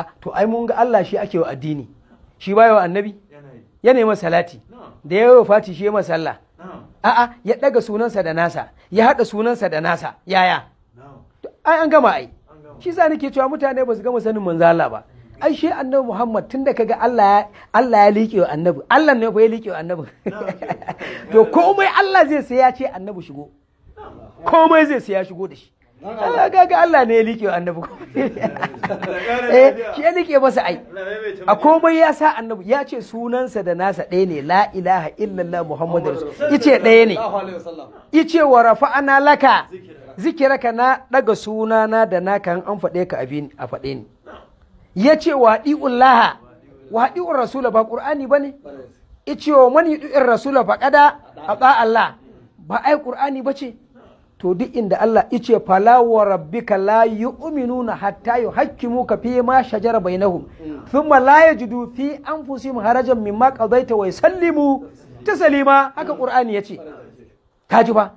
Ah, to ai mun ga Allah shi ake wa addini shi baya wa annabi Ya nemi salati da ya yi fati shi ya sallah a ya daga sunansa da nasa ya haɗa sunansa da nasa yaya ai an gama ai shi sa nake cewa mutane ba su gama sanin manzo Allah ba ai shi annabi Muhammad tun da kaga Allah Allah ya liƙe wa annabi Allah ne fa ya liƙe wa annabi to komai Allah zai sai ya ce annabi shigo komai zai sai ya shigo da shi Allah ga Allah ne ya liƙe wa annabi eh shi ya liƙe masa ai a komai ya sa annabi ya ce sunansa da nasa ɗaya ne la ilaha illallah muhammadu rasul ice ɗaya ne ice wa ana laka zikiraka na daga sunana da kan an faɗe ka abin a faɗe ni ya ce wa laha wa ɗi'un rasula ba ƙur'ani ba ne ice wa mani ɗi'un rasula ƙada, a Allah ba ai ƙur'ani ba ce to duk inda Allah ice fala wa rabbika la yu'minuna hatta ka fi ma shajara bainahum thumma la yajidu fi anfusihim harajan mimma qadaita wa yusallimu taslima haka qur'ani yace kaji ba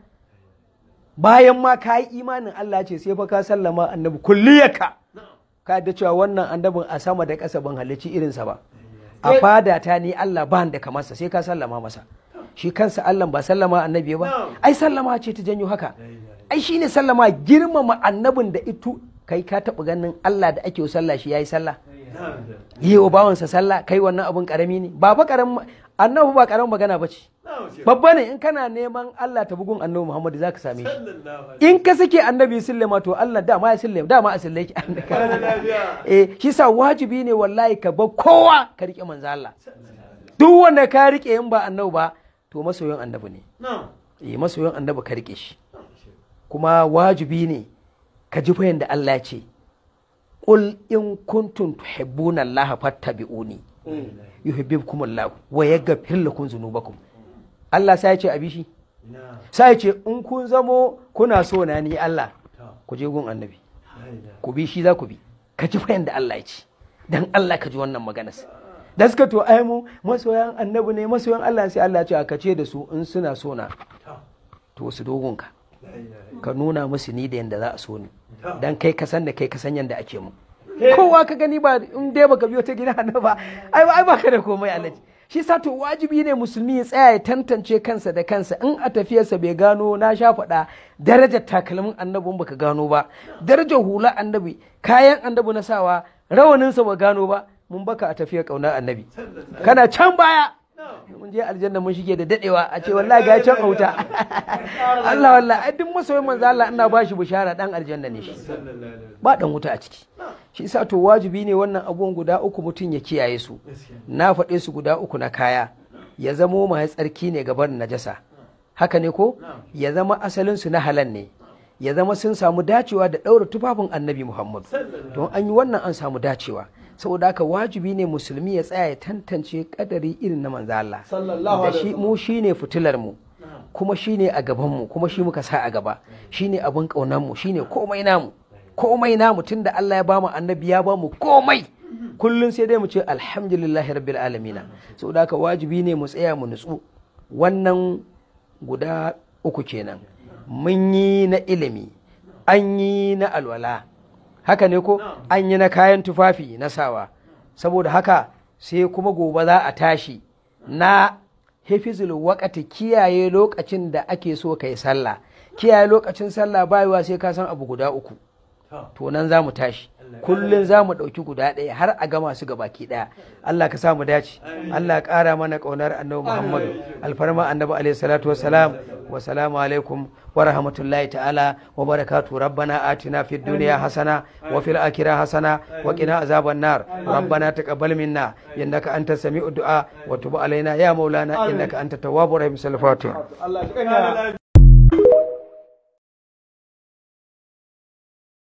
bayan ma ka imanin Allah ce sai fa ka sallama annabi kulliyaka ka da cewa wannan annabin a sama da kasa ban irin irinsa ba a eh. fada ta ni Allah ban da kamarsa sai ka sallama masa shi kansa Allah ba sallama annabi ba ai sallama ce ta janyo haka ai shine sallama girmama annabin da itu kai ka taɓa ganin Allah da ake sallah shi yayi sallah yi wa bawansa sallah kai wannan abun karami ne ba fa karamin annabi ba karamin magana ba ce babba ne in kana neman Allah ta bugun annabi Muhammad zaka same shi in ka sake annabi sallama to Allah dama ya sallama dama a sallai ki eh shi sa wajibi ne wallahi ka ba kowa ka rike manzo Allah duk wanda ka rike in ba annabi ba to masoyin annabi ne eh masoyin annabi ka rike shi kuma wajibi ne ka ji fa da Allah ya ce qul in kuntum tuhibbuna Allah fattabi'uni mm. yuhibbukum Allah wa yaghfir lakum dhunubakum Allah sai ya ce abi shi sai ce in kun zamo kuna so na ni Allah ku je gun annabi ku bi shi za ku bi ka ji fa da Allah ya ce dan Allah ka ji wannan maganar da suka to ai mu masoyan annabi ne masoyan Allah sai Allah ce aka ce da su in suna sona to su dogon ka ka nuna musu ni da yanda za a so ni dan kai ka san da kai ka san yanda ake mu kowa ka gani ba in dai baka biyo ta gida ba ai ai baka da komai Allah oh. shi sa to wajibi ne musulmi ya tsaya ya tantance kansa da kansa in a tafiyarsa bai gano na sha faɗa darajar takalmin annabin baka gano ba darajar hula annabi kayan annabi na sawa rawaninsa ba gano ba mun baka a tafiyar ƙaunar annabi kana can baya mun je aljanna mun shige da dadewa a ce wallahi ga can auta Allah wallahi ai duk masoyin manzo Allah ina ba shi bushara dan aljanna ne shi ba dan wuta a ciki shi isa to wajibi ne wannan abubuwan guda uku mutum ya kiyaye su na faɗe su guda uku na kaya ya zamo mai tsarki ne gaban najasa haka ne ko ya zama asalin su na halal ne ya zama sun samu dacewa da ɗaura tufafin annabi Muhammad don an yi wannan an samu dacewa saboda haka wajibi ne musulmi ya tsaya ya tantance kadari irin na manzo Allah da shi mu shine fitilar mu kuma shine a gaban mu kuma shi muka sa a gaba shine abun kaunar mu shine komai namu komai namu tunda Allah ya bamu annabi ya bamu komai kullun sai dai mu ce alhamdulillahi rabbil alamin saboda haka wajibi ne mu tsaya mu nutsu wannan guda uku kenan mun yi na ilimi an yi na alwala haka ne ko an yi na kayan tufafi na sawa saboda haka sai kuma gobe za a tashi na hifizul wakati kiyaye lokacin da ake so kai sallah kiyaye lokacin sallah bayuwa sai ka san abu guda uku to nan za mu tashi kullum za mu ɗauki guda ɗaya har a gama su baki ɗaya Allah ka mu dace Allah ƙara mana ƙaunar annabi Muhammadu alfarma annabi alaihi salatu wassalam wa salamu alaikum wa rahmatullahi ta'ala wa barakatu rabbana atina fid dunya hasana wa fil akhirah hasana wa qina azaban nar rabbana taqabbal minna innaka anta sami'ud du'a wa tub alaina ya maulana innaka anta tawwabur rahim sallallahu alaihi